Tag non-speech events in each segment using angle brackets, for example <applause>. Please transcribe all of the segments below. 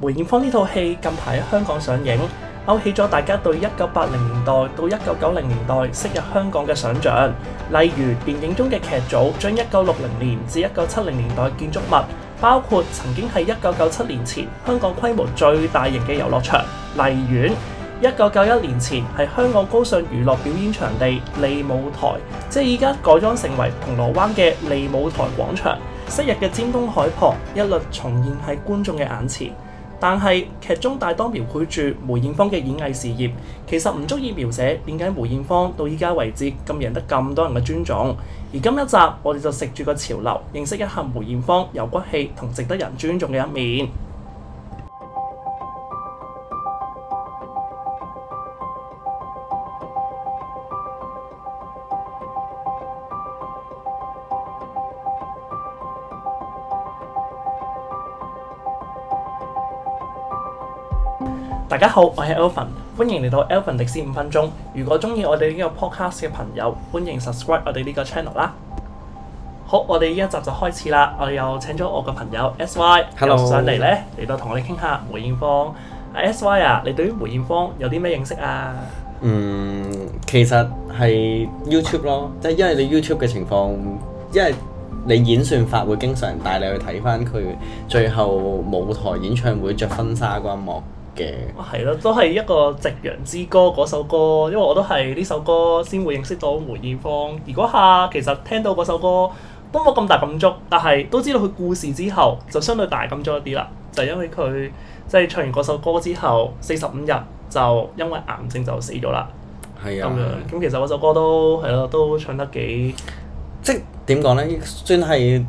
梅艷芳呢套戲近排喺香港上映。勾起咗大家對一九八零年代到一九九零年代昔日香港嘅想像，例如電影中嘅劇組將一九六零年至一九七零年代建築物，包括曾經係一九九七年前香港規模最大型嘅遊樂場荔園，一九九一年前係香港高尚娛樂表演場地利舞台，即係依家改裝成為銅鑼灣嘅利舞台廣場，昔日嘅尖東海旁一律重現喺觀眾嘅眼前。但係劇中大多描繪住梅艷芳嘅演藝事業，其實唔足以描寫點解梅艷芳到依家為止咁贏得咁多人嘅尊重。而今一集，我哋就食住個潮流，認識一下梅艷芳有骨氣同值得人尊重嘅一面。大家好，我係 Elvin，歡迎嚟到 Elvin 歷史五分鐘。如果中意我哋呢個 podcast 嘅朋友，歡迎 subscribe 我哋呢個 channel 啦。好，我哋呢一集就開始啦。我哋又請咗我個朋友 S Y Hello 上嚟咧，嚟 Hello. 到同我哋傾下梅艷芳。Uh, S Y 啊，你對於梅艷芳有啲咩認識啊？嗯，其實係 YouTube 咯，即係因為你 YouTube 嘅情況，因為你演算法會經常帶你去睇翻佢最後舞台演唱會着婚紗嗰一幕。係咯、哦，都係一個《夕陽之歌》嗰首歌，因為我都係呢首歌先會認識到梅艷芳。而嗰下其實聽到嗰首歌都冇咁大感觸，但係都知道佢故事之後就相對大感觸一啲啦，就係、因為佢即係唱完嗰首歌之後，四十五日就因為癌症就死咗啦。係啊的，咁其實嗰首歌都係咯，都唱得幾即係點講咧，算係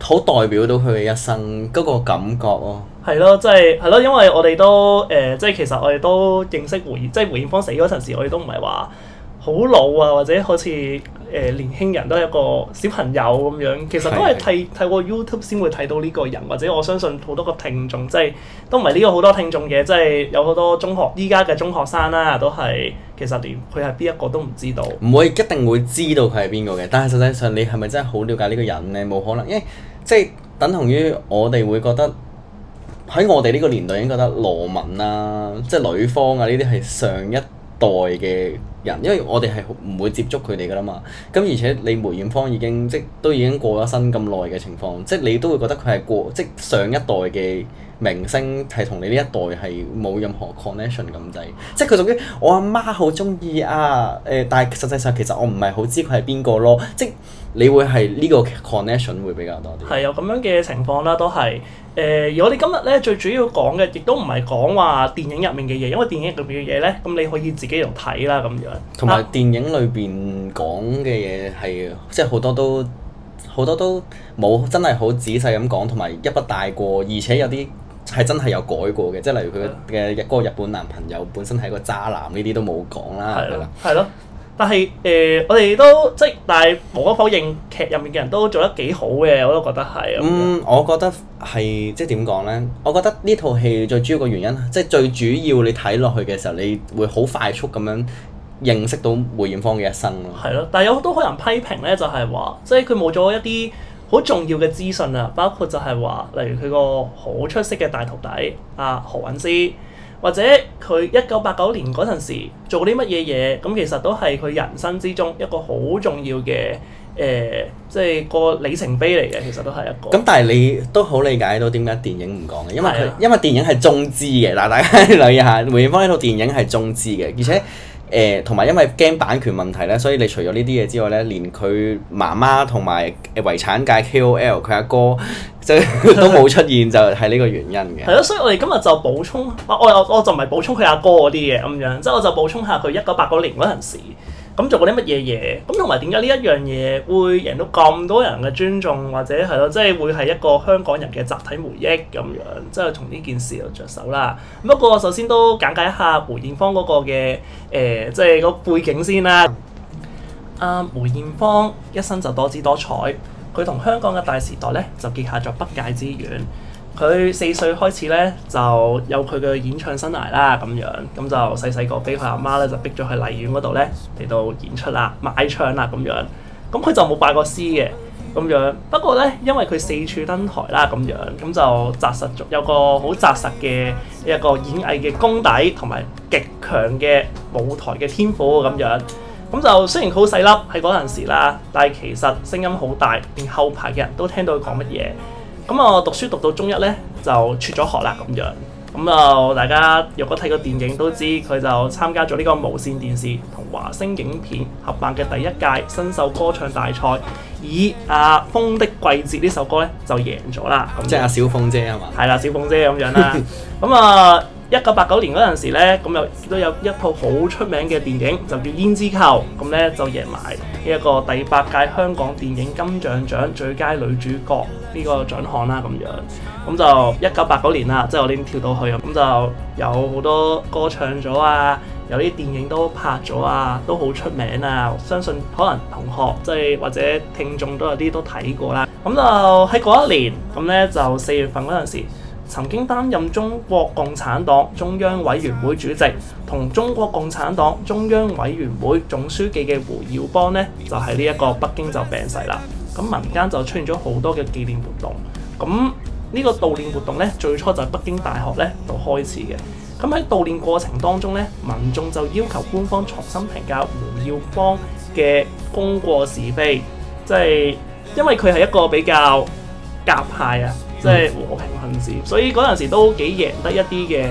好代表到佢嘅一生嗰個感覺咯、哦。係咯，即係係咯，因為我哋都誒，即、呃、係其實我哋都認識胡，即係胡燕芳死嗰陣時，我哋都唔係話好老啊，或者好似誒、呃、年輕人都係一個小朋友咁樣。其實都係睇睇過 YouTube 先會睇到呢個人，或者我相信好多個聽眾即係、就是、都唔係呢個好多聽眾嘅，即、就、係、是、有好多中學依家嘅中學生啦、啊，都係其實連佢係邊一個都唔知道，唔會一定會知道佢係邊個嘅。但係實際上你係咪真係好了解呢個人呢？冇可能，因、欸、為即係等同於我哋會覺得。喺我哋呢個年代已經覺得羅文啊，即係呂方啊呢啲係上一代嘅人，因為我哋係唔會接觸佢哋㗎啦嘛。咁而且你梅艷芳已經即係都已經過咗身咁耐嘅情況，即係你都會覺得佢係過即係上一代嘅。明星係同你呢一代係冇任何 connection 咁滯， <music> 即係佢屬於我阿媽好中意啊，誒、呃，但係實際上其實我唔係好知佢係邊個咯，即係你會係呢個 connection 會比較多啲。係有咁樣嘅情況啦，都係誒。而我哋今日咧最主要講嘅，亦都唔係講話電影入面嘅嘢，因為電影入面嘅嘢咧，咁你可以自己嚟睇啦，咁樣。同埋電影裏邊講嘅嘢係即係好多都好多都冇真係好仔細咁講，同埋一筆帶過，而且有啲。係真係有改過嘅，即係例如佢嘅日嗰個日本男朋友本身係一個渣男，呢啲都冇講啦。係咯，係咯、呃。但係誒，我哋都即係，但係無可否認，劇入面嘅人都做得幾好嘅，我都覺得係。嗯，我，我覺得係即係點講咧？我覺得呢套戲最主要嘅原因，即係最主要你睇落去嘅時候，你會好快速咁樣認識到梅艷芳嘅一生咯。係咯，但係有好多可能批評咧，就係話，即係佢冇咗一啲。好重要嘅資訊啊，包括就係話，例如佢個好出色嘅大徒弟阿、啊、何韻詩，或者佢一九八九年嗰陣時做啲乜嘢嘢，咁其實都係佢人生之中一個好重要嘅誒、呃，即係個里程碑嚟嘅。其實都係一個。咁但係你都好理解到點解電影唔講嘅，因為佢是、啊、因為電影係中資嘅，嗱，大家留意下梅豔芳呢套電影係中資嘅，而且。誒，同埋、呃、因為驚版權問題咧，所以你除咗呢啲嘢之外咧，連佢媽媽同埋誒遺產界 KOL 佢阿哥，即係都冇出現，就係呢個原因嘅。係咯， <laughs> 所以我哋今日就補充，我我我就唔係補充佢阿哥嗰啲嘢咁樣，即係我就補充下佢一九八九年嗰陣時。咁做過啲乜嘢嘢？咁同埋點解呢一樣嘢會贏到咁多人嘅尊重，或者係咯，即係會係一個香港人嘅集體回憶咁樣，即係從呢件事度着手啦。不過我首先都簡介一下梅艷芳嗰個嘅誒、呃，即係個背景先啦。阿、啊、梅艷芳一生就多姿多彩，佢同香港嘅大時代咧就結下咗不解之緣。佢四歲開始咧就有佢嘅演唱生涯啦，咁樣咁就細細個俾佢阿媽咧就逼咗去荔園嗰度咧嚟到演出啦、賣唱啦咁樣。咁佢就冇拜過師嘅咁樣。不過咧，因為佢四處登台啦咁樣，咁就紮實咗，有個好紮實嘅一個演藝嘅功底，同埋極強嘅舞台嘅天賦咁樣。咁就雖然好細粒喺嗰陣時啦，但係其實聲音好大，連後排嘅人都聽到佢講乜嘢。咁我、嗯、讀書讀到中一呢，就出咗學啦咁樣。咁、嗯、就大家若果睇過電影都知，佢就參加咗呢個無線電視同華星影片合辦嘅第一屆新秀歌唱大賽，以、啊《阿風的季節》呢首歌呢，就贏咗啦。即係阿小鳳姐吖嘛？係啦、 <laughs> 啊，小鳳姐咁樣啦。咁啊、 <laughs> 嗯、～、嗯一九八九年嗰陣時呢，咁又都有一套好出名嘅電影，就叫《胭脂扣》，咁呢就贏埋呢一個第八屆香港電影金像獎最佳女主角呢個獎項啦。咁樣，咁就一九八九年啦，即係我啲跳到去，咁就有好多歌唱咗啊，有啲電影都拍咗啊，都好出名啊。相信可能同學即係或者聽眾都有啲都睇過啦。咁就喺嗰一年，咁呢就四月份嗰陣時。曾經擔任中國共產黨中央委員會主席同中國共產黨中央委員會總書記嘅胡耀邦呢，就喺呢一個北京就病逝啦。咁民間就出現咗好多嘅紀念活動。咁呢個悼念活動呢，最初就係北京大學呢度開始嘅。咁喺悼念過程當中呢，民眾就要求官方重新評價胡耀邦嘅功過是非，即係因為佢係一個比較甲派啊。嗯、即係和平行事，所以嗰陣時都幾贏得一啲嘅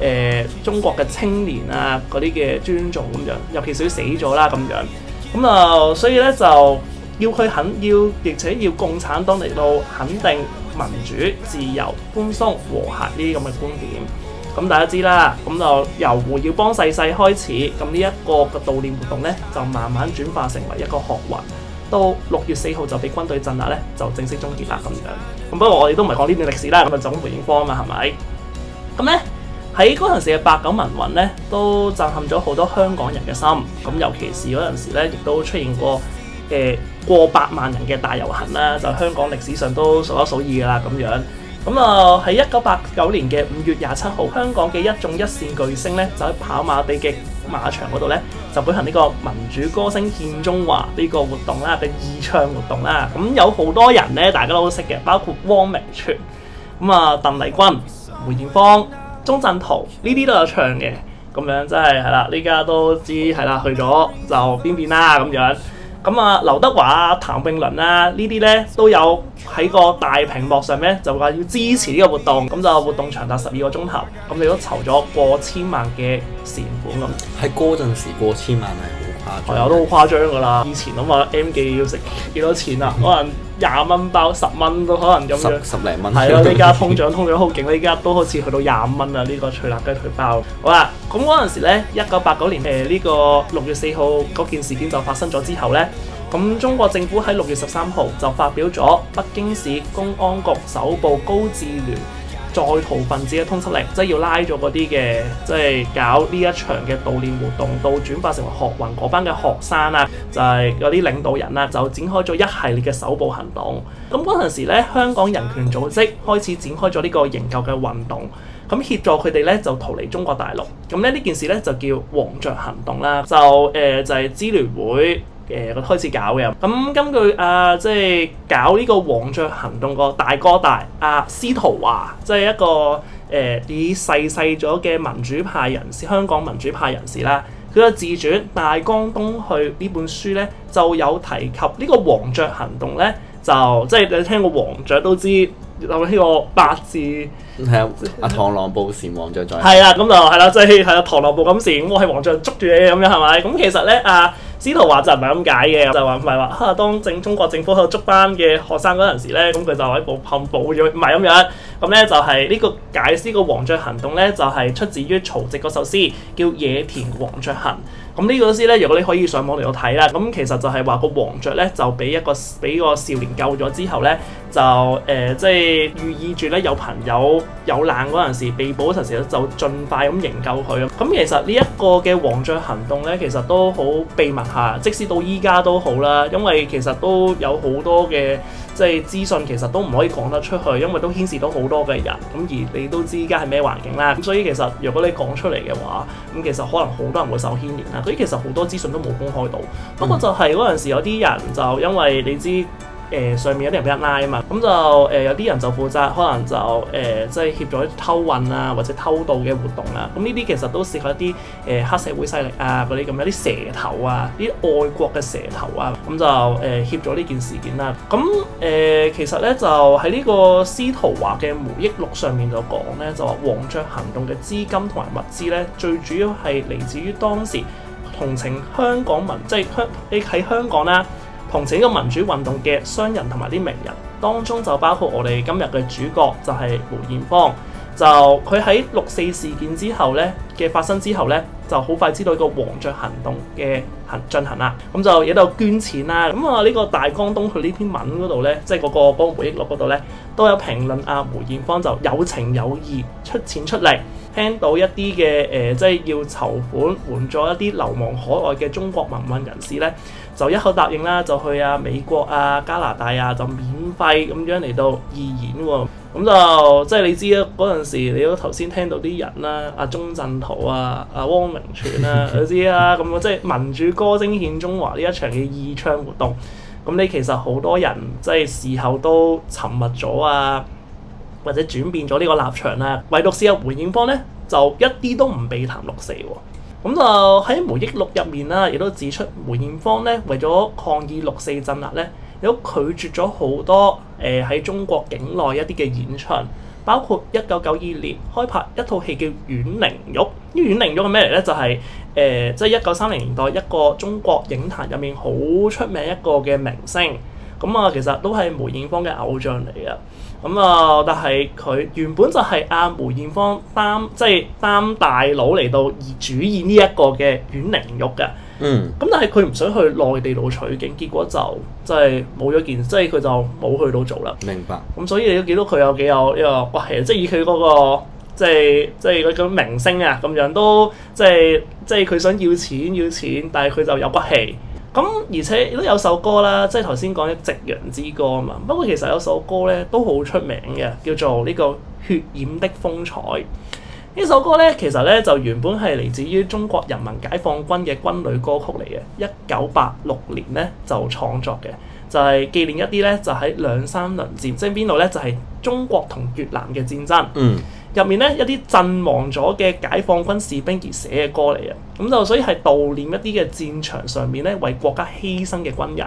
誒中國嘅青年啊嗰啲嘅尊重咁樣，尤其是死咗啦咁樣咁啊。所以咧就要佢肯要，而且要共產黨嚟到肯定民主、自由、寬鬆、和諧呢啲咁嘅觀點。咁大家知啦，咁就由胡耀邦逝世開始，咁呢一個嘅悼念活動咧就慢慢轉化成為一個學運，到六月四號就俾軍隊鎮壓咧，就正式終結啦咁樣。不過我哋都唔係講呢段歷史啦，咁啊就總回應方啊嘛，係咪？咁呢，喺嗰陣時嘅八九民運呢，都震撼咗好多香港人嘅心。咁尤其是嗰陣時呢，亦都出現過誒、呃、過百萬人嘅大遊行啦，就是、香港歷史上都數一數二噶啦咁樣。咁啊喺一九八九年嘅五月廿七號，香港嘅一眾一線巨星呢，就喺跑馬地嘅馬場嗰度呢，就舉行呢個民主歌聲獻中華呢個活動啦，嘅義唱活動啦。咁有好多人呢，大家都好識嘅，包括汪明荃，咁啊鄧麗君、梅艷芳、鍾鎮濤呢啲都有唱嘅。咁樣真係係啦，呢家都知係啦，去咗就邊邊啦咁樣。咁啊，劉德華啊、譚詠麟啊，呢啲咧都有喺個大屏幕上咧，就話要支持呢個活動。咁就活動長達十二個鐘頭。咁你都籌咗過千萬嘅善款。咁係嗰陣時，時過千萬係。朋友都好誇張噶啦，以前啊嘛 M 記要食幾多錢啊？可能廿蚊包十蚊都可能咁樣十。十零蚊。係咯，呢家通脹 <laughs> 通脹好勁，呢家都好似去到廿五蚊啦。呢、呢個脆辣雞腿包。好啦，咁嗰陣時呢，一九八九年誒呢、呢個六月四號嗰件事件就發生咗之後呢。咁中國政府喺六月十三號就發表咗北京市公安局首部高智聯，在逃分子嘅通緝令，即係要拉咗嗰啲嘅，即係搞呢一場嘅悼念活動到轉化成為學運嗰班嘅學生啊，就係嗰啲領導人啦，就展開咗一系列嘅搜捕行動。咁嗰陣時咧，香港人權組織開始展開咗呢個營救嘅運動，咁協助佢哋咧就逃離中國大陸。咁咧呢件事咧就叫黃雀行動啦。就誒就係支聯會。誒，我開始搞嘅咁、嗯，根據啊，即係搞呢個黃雀行動個大哥大啊，司徒華，即係一個誒，已細細咗嘅民主派人士，香港民主派人士啦。佢個自傳《大江東去》呢本書呢就有提及呢個黃雀行動呢，就即係你聽過黃雀都知，有呢個八字係啊，啊螳螂捕蟬，黃雀在係 <laughs> 啊，咁就係啦，即係係啊，螳螂捕蟬，咁我係黃雀捉住你咁樣係咪？咁其實呢。啊。啊司徒話就唔係咁解嘅，就話唔係話嚇當政中國政府喺度捉班嘅學生嗰陣時咧，咁佢就喺度冚補咗，唔係咁樣。咁呢就係呢個解釋個黃雀行動呢，就係、是、出自於曹植個首詩，叫《野田黃雀行》。咁呢個詩呢，如果你可以上網嚟到睇啦。咁其實就係話個黃雀呢，就俾一個俾個少年救咗之後呢。就誒、呃，即係寓意住咧，有朋友有難嗰陣時，被捕嗰陣時咧，就盡快咁營救佢啊！咁其實，呢一個嘅黃雀行動咧，其實都好秘密下，即使到依家都好啦，因為其實都有好多嘅即係資訊其實都唔可以講得出去，因為都牽涉到好多嘅人。咁而你都知依家係咩環境啦，咁所以其實如果你講出嚟嘅話，咁其實可能好多人會受牽連啦。所以其實好多資訊都冇公開到。嗯、不過就係嗰陣時有啲人就因為你知。誒、呃、上面有啲人俾人拉啊嘛，咁就誒、呃、有啲人就負責，可能就誒即係協助啲偷運啊或者偷渡嘅活動啊。咁呢啲其實都涉及一啲誒、呃、黑社會勢力啊，嗰啲咁樣啲蛇頭啊，啲外國嘅蛇頭啊，咁就誒、呃、協助呢件事件啦、啊。咁誒、呃、其實咧就喺呢個司徒華嘅回憶錄上面就講咧，就話黃雀行動嘅資金同埋物資咧，最主要係嚟自於當時同情香港民，即係香喺香港啦。同情呢個民主運動嘅商人同埋啲名人當中，就包括我哋今日嘅主角，就係梅艷芳。就佢喺六四事件之後呢嘅發生之後呢，就好快知道一個黃雀行動嘅行進行啦。咁、嗯、就喺度捐錢啦。咁、嗯、啊，呢、這個大江東去呢篇文嗰度呢，即係嗰個嗰回憶錄嗰度呢，都有評論阿梅艷芳就有情有義出錢出力，聽到一啲嘅誒，即係要籌款援助一啲流亡海外嘅中國民運人士呢。就一口答應啦，就去啊美國啊加拿大啊，就免費咁樣嚟到義演喎、啊。咁就即係你知啦，嗰陣時你都頭先聽到啲人啦，阿鐘鎮濤啊、阿、啊啊啊、汪明荃啊嗰 <laughs> 知啦、啊，咁啊即係民主歌聲獻中華呢一場嘅義唱活動。咁你其實好多人即係事後都沉默咗啊，或者轉變咗呢個立場啦、啊。唯獨是阿回應方咧，就一啲都唔避談六四喎、啊。咁就喺《回憶錄》入面啦、啊，亦都指出梅艷芳咧，為咗抗議六四鎮壓咧，亦都拒絕咗好多誒喺、呃、中國境內一啲嘅演出，包括一九九二年開拍一套戲叫《阮玲玉》。呢《阮玲玉》係咩嚟咧？就係誒，即係一九三零年代一個中國影壇入面好出名一個嘅明星。咁啊，其實都係梅艷芳嘅偶像嚟嘅。咁啊、嗯！但係佢原本就係阿梅艷芳擔，即係擔大佬嚟到而主演呢一個嘅《阮玲玉》嘅。嗯。咁但係佢唔想去內地度取景，結果就即係冇咗件事，即係佢就冇去到做啦。明白。咁、嗯、所以你都見到佢有幾有呢、這個骨氣，即係以佢嗰、那個即係即係嗰個明星啊咁樣都即係即係佢想要錢要錢，但係佢就有骨氣。咁而且都有首歌啦，即係頭先講嘅《夕陽之歌》嘛。不過其實有首歌咧都好出名嘅，叫做呢個《血染的風采》。呢首歌咧其實咧就原本係嚟自於中國人民解放軍嘅軍旅歌曲嚟嘅，一九八六年咧就創作嘅，就係紀念一啲咧就喺兩三輪戰，即係邊度咧就係中國同越南嘅戰爭。嗯。入面咧一啲陣亡咗嘅解放軍士兵而寫嘅歌嚟嘅。咁就所以係悼念一啲嘅戰場上面咧為國家犧牲嘅軍人。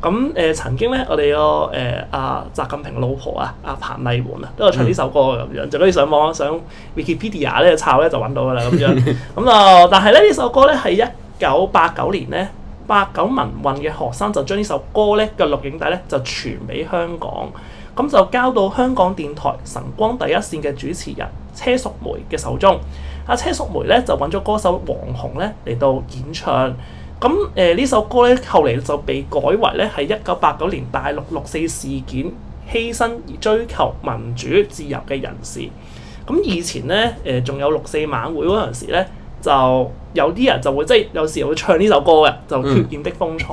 咁誒、呃、曾經咧我哋個誒阿習近平嘅老婆啊，阿、啊、彭麗媛啊都有唱呢首歌咁、嗯、樣，就可以上網上 Wikipedia 咧抄咧就揾到噶啦咁樣。咁啊，但係咧呢首歌咧係一九八九年咧。八九民運嘅學生就將呢首歌咧嘅錄影帶咧就傳俾香港，咁就交到香港電台晨光第一線嘅主持人車淑梅嘅手中。阿車淑梅咧就揾咗歌手黃紅咧嚟到演唱。咁誒呢首歌咧後嚟就被改為咧係一九八九年大陸六四事件犧牲而追求民主自由嘅人士。咁以前咧誒仲有六四晚會嗰陣時咧就。有啲人就會即係有時候會唱呢首歌嘅，就《血染的風采》。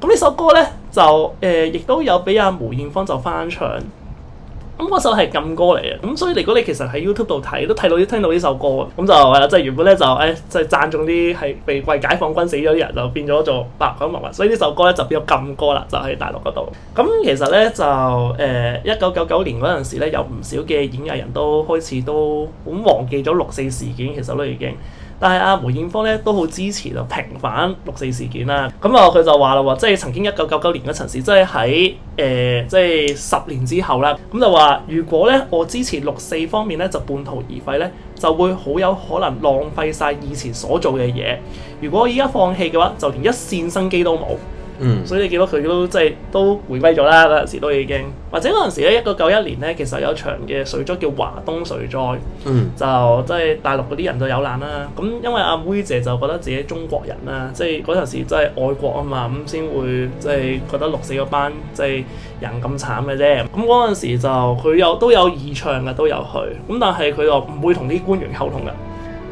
咁呢、嗯、首歌咧就誒，亦、呃、都有俾阿、啊、梅艷芳就翻唱。咁嗰首係禁歌嚟嘅，咁所以如果你其實喺 YouTube 度睇都睇到、都聽到呢首歌，咁就、呃、即係原本咧就誒，即、呃、係、就是、讚頌啲係被為解放軍死咗啲人，就變咗做白粉墨雲。所以呢首歌咧就變咗禁歌啦，就喺大陸嗰度。咁其實咧就誒，一九九九年嗰陣時咧，有唔少嘅演藝人都開始都咁忘記咗六四事件，其實都已經。但係阿梅艷芳咧都好支持就平反六四事件啦。咁啊，佢、嗯呃、就話啦喎，即係曾經一九九九年嘅陳事，即係喺誒，即係十年之後啦。咁就話如果咧我支持六四方面咧就半途而廢咧，就會好有可能浪費晒以前所做嘅嘢。如果我依家放棄嘅話，就連一線生機都冇。嗯， <noise> 所以你見到佢都即係、就是、都迴歸咗啦，嗰陣時都已經，或者嗰陣時咧一九九一年咧，其實有一場嘅水災叫華東水災，嗯， <noise> 就即、是、係大陸嗰啲人就有難啦。咁因為阿妹姐就覺得自己中國人啦，即係嗰陣時真係愛國啊嘛，咁先會即係、就是、覺得六四嗰班即係、就是、人咁慘嘅啫。咁嗰陣時就佢有都有義唱嘅都有去，咁但係佢又唔會同啲官員溝通嘅，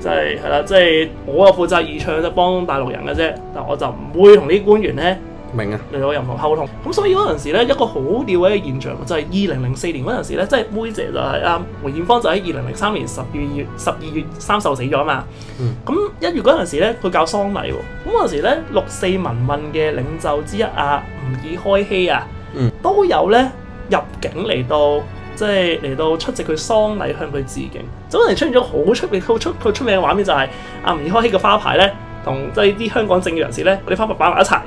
即係係啦，即係、就是、我啊負責義唱就幫大陸人嘅啫，但我就唔會同啲官員咧。明啊，又有任何溝通咁，所以嗰陣時咧，一個好吊妙嘅現象就係二零零四年嗰陣時咧，即係妹姐就係、是、阿梅艷芳就，就喺二零零三年十二月十二月三十死咗啊嘛。咁一、嗯、月嗰陣時咧，佢搞喪禮喎。咁嗰陣時咧，六四民運嘅領袖之一阿、啊、吾爾開希啊，嗯、都有咧入境嚟到，即係嚟到出席佢喪禮，向佢致敬。咁嗰陣時出現咗好出名，好出佢出，出名嘅畫面就係、是、阿、啊、吾爾開希嘅花牌咧，同即係啲香港政要人，人士咧，嗰啲花牌擺埋一齊。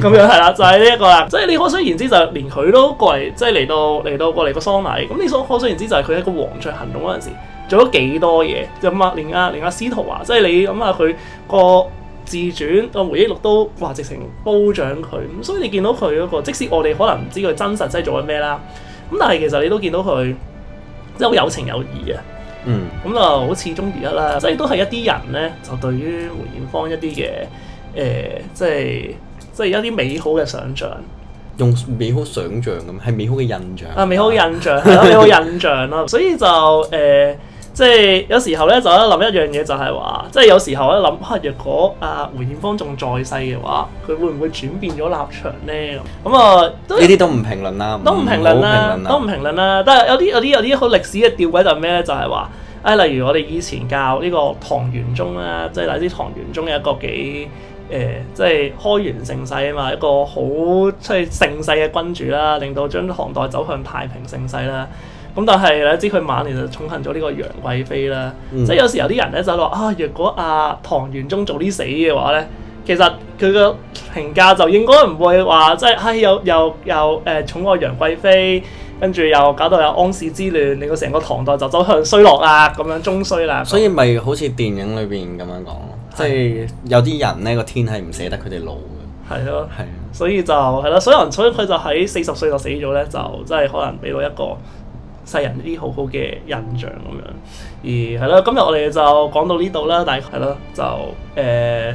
咁樣係啦，就係呢一個啦。即係你可想而知，就連佢都過嚟，即係嚟到嚟到過嚟個桑拿。咁你所可想而知，就係佢喺個黃雀行動嗰陣時做咗幾多嘢。就啊，連阿連阿司徒華，即係你咁啊，佢個自傳個回憶錄都話直情褒獎佢。咁所以你見到佢嗰個，即使我哋可能唔知佢真實真係做咗咩啦，咁但係其實你都見到佢即係好有情有義啊。嗯，咁啊，好始終如一啦，即係都係一啲人咧，就對於梅艷芳一啲嘅誒，即係。即係一啲美好嘅想像，用美好想像咁，係美好嘅印象。啊，美好印象，係咯，美好印象咯。所以就誒，即、呃、係、就是、有時候咧，就喺度諗一樣嘢，就係話，即係有時候喺度諗，啊，若果啊，胡彥芳仲在世嘅話，佢會唔會轉變咗立場咧？咁啊，呢啲都唔評論啦，都唔評論啦，都唔評論啦。但係有啲有啲有啲好歷史嘅吊詭就係咩咧？就係、是、話，啊、哎，例如我哋以前教呢個唐玄宗啦，即係乃啲唐玄宗嘅一個幾。誒、呃，即係開元盛世啊嘛，一個好出係盛世嘅君主啦，令到將唐代走向太平盛世啦。咁但係你知佢晚年就寵幸咗呢個楊貴妃啦。嗯、即係有時有啲人咧就話啊，若果阿、啊、唐元宗唐玄宗早啲死嘅話咧，其實佢嘅評價就應該唔會話即係，唉、哎，又又又誒寵愛楊貴妃，跟住又搞到有安史之亂，令到成個唐代就走向衰落啦，咁樣中衰啦。所以咪好似電影裏邊咁樣講咯。即係有啲人咧，個天係唔捨得佢哋老嘅。係咯的，係啊的，所以就係咯，所以有人所以佢就喺四十歲就死咗咧，就真係可能俾到一個世人啲好好嘅印象咁樣，樣。而係咯，今日我哋就講到呢度啦。大概係咯，就誒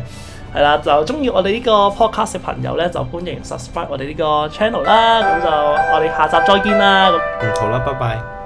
係啦，就鍾意我哋呢個 podcast 嘅朋友咧，就歡迎 subscribe 我哋呢個 channel 啦。咁就我哋下集再見啦。嗯，好啦，拜拜。